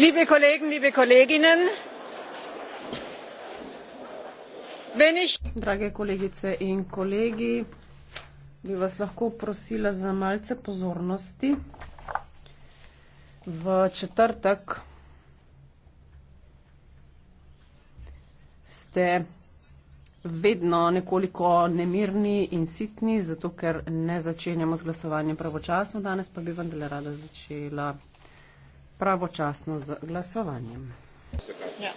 liebe kollegen liebe kolleginnen wenn ich. drage kolegice in kolegi bi vas lahko prosila za malce pozornosti v četrtek ste vedno nekoliko nemirni in sitni zato ker ne začenjamo z glasovanjem pravočasno danes pa bi vendarle rada začela pravočasno z glasovanjem. Ja.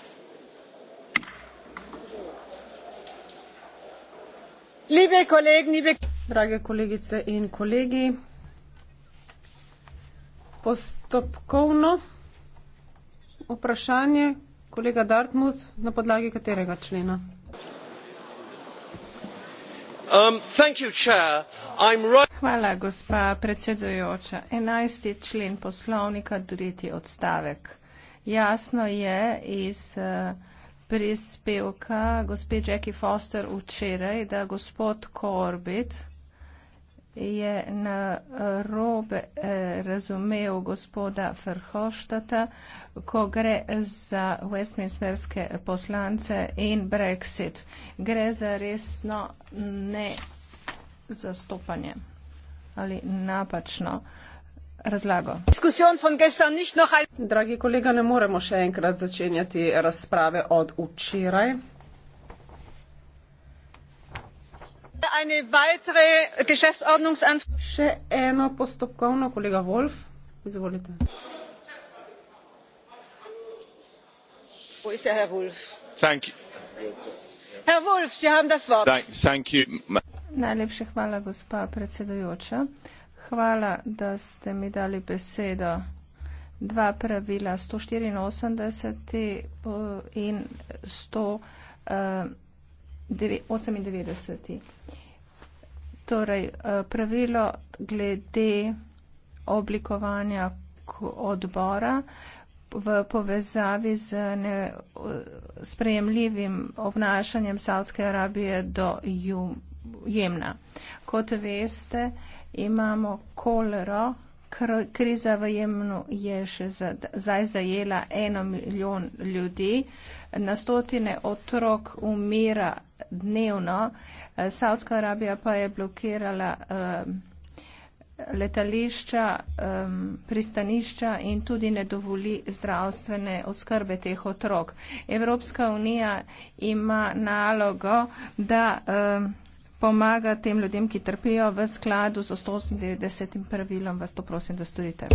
Kolegi, libe... Drage kolegice in kolegi, postopkovno vprašanje kolega Dartmouth na podlagi katerega člena. Um, thank you, Chair. I'm right... Hvala, gospa predsedujoča. 11. člen poslovnika, tretji odstavek. Jasno je iz eh, prispevka gospe Jackie Foster včeraj, da gospod Corbett je na robe eh, razumev gospoda Ferhoštata, ko gre za westminsterske poslance in Brexit. Gre za resno ne zastopanje ali napačno razlago. Dragi kolega, ne moremo še enkrat začenjati razprave od včeraj. Še eno postopkovno, kolega Wolf, izvolite. Herr Wolf, Sie haben das Wort. Thank, thank you. Najlepša hvala, gospa predsedujoča. Hvala, da ste mi dali besedo. Dva pravila, 184 eh, in 198. Eh, torej, eh, pravilo glede oblikovanja odbora v povezavi z sprejemljivim obnašanjem Saudske Arabije do Jum jemna. Kot veste, imamo kolero, kr kriza v jemnu je še zdaj zajela eno milijon ljudi, na stotine otrok umira dnevno, eh, Saudska Arabija pa je blokirala eh, letališča, um, pristanišča in tudi ne dovoli zdravstvene oskrbe teh otrok. Evropska unija ima nalogo, da um, pomaga tem ljudem, ki trpijo v skladu z 190. pravilom, vas to prosim, da storite.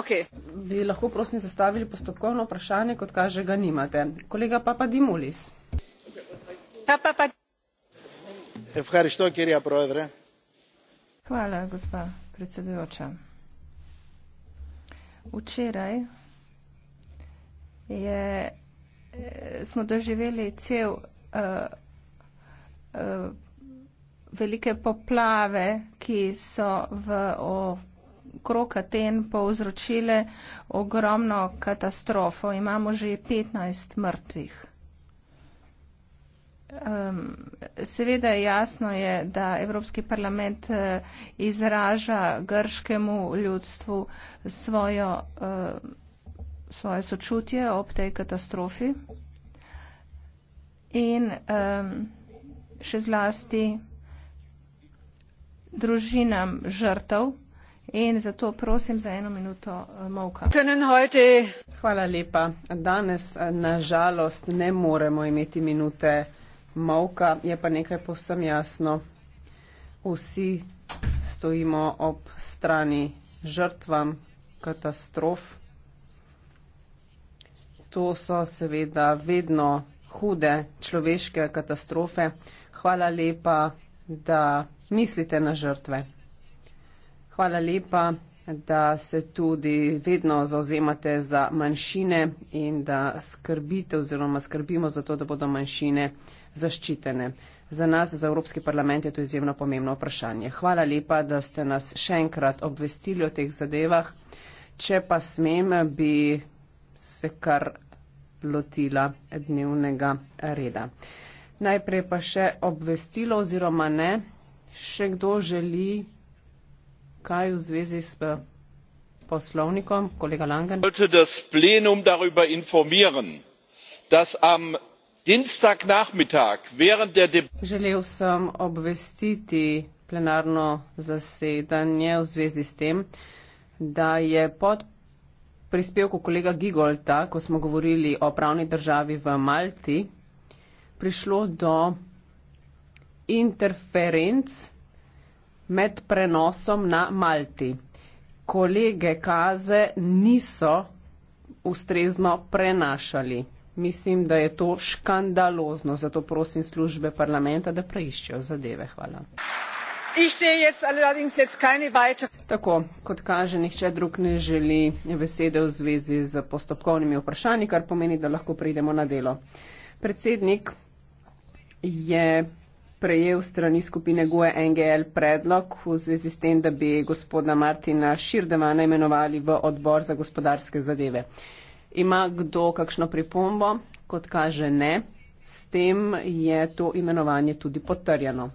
Okay. Bi lahko prosim zastavili postopkovno vprašanje, kot kaže ga nimate. Kolega ja, Papa Dimulis. Hvala, gospa predsedujoča. Včeraj je, eh, smo doživeli cel uh, Eh, velike poplave, ki so v okrog Aten povzročile ogromno katastrofo. Imamo že 15 mrtvih. Um, seveda jasno je, da Evropski parlament eh, izraža grškemu ljudstvu svojo, uh, svoje sočutje ob tej katastrofi. In um, še zlasti družinam žrtev. In zato prosim za eno minuto eh, molka. Hvala lepa. Danes eh, nažalost ne moremo imeti minute molka, je pa nekaj povsem jasno. Vsi stojimo ob strani žrtvam katastrof. To so seveda vedno hude človeške katastrofe. Hvala lepa, da mislite na žrtve. Hvala lepa, da se tudi vedno zauzemate za manjšine in da skrbite oziroma skrbimo za to, da bodo manjšine zaščitene. Za nas, za Evropski parlament, je to izjemno pomembno vprašanje. Hvala lepa, da ste nas še enkrat obvestili o teh zadevah. Če pa smem, bi se kar lotila dnevnega reda. Najprej pa še obvestilo oziroma ne, še kdo želi kaj v zvezi s eh, poslovnikom, kolega Langen. Sollte das plenum darüber informieren, dass am Dienstag nachmittag während der Želel sem obvestiti plenarno zasedanje v zvezi s tem, da je pod prispevku kolega Gigolta, ko smo govorili o pravni državi v Malti, prišlo do interferenc med prenosom na Malti. Kolege kaze niso ustrezno prenašali. Mislim, da je to škandalozno, zato prosim službe parlamenta, da preiščejo zadeve. Hvala tako kot kaže nihče drug ne želi besede v zvezi z postopkovnimi vprašanji kar pomeni da lahko preidemo na delo predsednik je prejel strani skupine GUE NGL predlog v zvezi s tem, da bi gospoda Martina Širdevana imenovali v odbor za gospodarske zadeve. Ima kdo kakšno pripombo? Kot kaže ne, s tem je to imenovanje tudi potrjeno.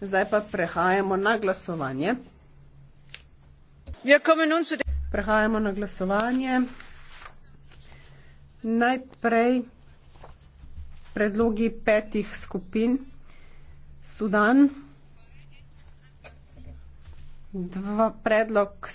Zdaj pa prehajamo na glasovanje. Prehajamo na glasovanje. Najprej predlogi petih skupin. Sudan. Dva predlog